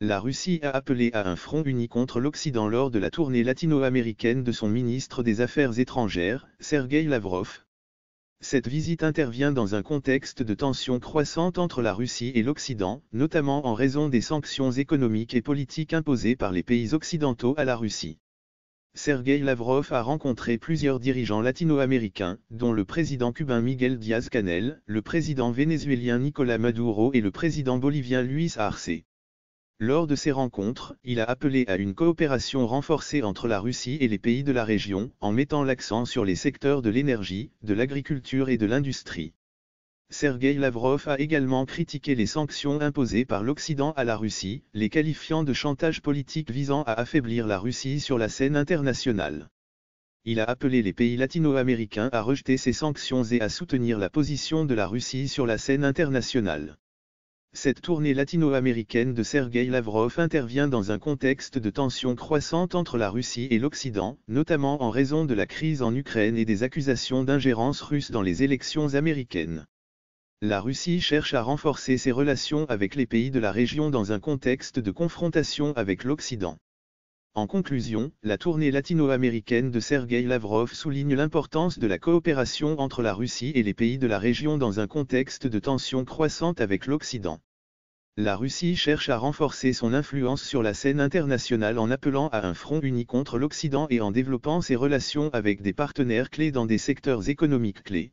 la Russie a appelé à un front uni contre l'Occident lors de la tournée latino-américaine de son ministre des Affaires étrangères, Sergei Lavrov. Cette visite intervient dans un contexte de tensions croissantes entre la Russie et l'Occident, notamment en raison des sanctions économiques et politiques imposées par les pays occidentaux à la Russie. Sergei Lavrov a rencontré plusieurs dirigeants latino-américains, dont le président cubain Miguel Díaz-Canel, le président vénézuélien Nicolas Maduro et le président bolivien Luis Arce. Lors de ces rencontres, il a appelé à une coopération renforcée entre la Russie et les pays de la région, en mettant l'accent sur les secteurs de l'énergie, de l'agriculture et de l'industrie. Sergei Lavrov a également critiqué les sanctions imposées par l'Occident à la Russie, les qualifiant de chantage politique visant à affaiblir la Russie sur la scène internationale. Il a appelé les pays latino-américains à rejeter ces sanctions et à soutenir la position de la Russie sur la scène internationale. Cette tournée latino-américaine de Sergei Lavrov intervient dans un contexte de tensions croissantes entre la Russie et l'Occident, notamment en raison de la crise en Ukraine et des accusations d'ingérence russe dans les élections américaines. La Russie cherche à renforcer ses relations avec les pays de la région dans un contexte de confrontation avec l'Occident. En conclusion, la tournée latino-américaine de Sergei Lavrov souligne l'importance de la coopération entre la Russie et les pays de la région dans un contexte de tensions croissantes avec l'Occident. La Russie cherche à renforcer son influence sur la scène internationale en appelant à un front uni contre l'Occident et en développant ses relations avec des partenaires clés dans des secteurs économiques clés.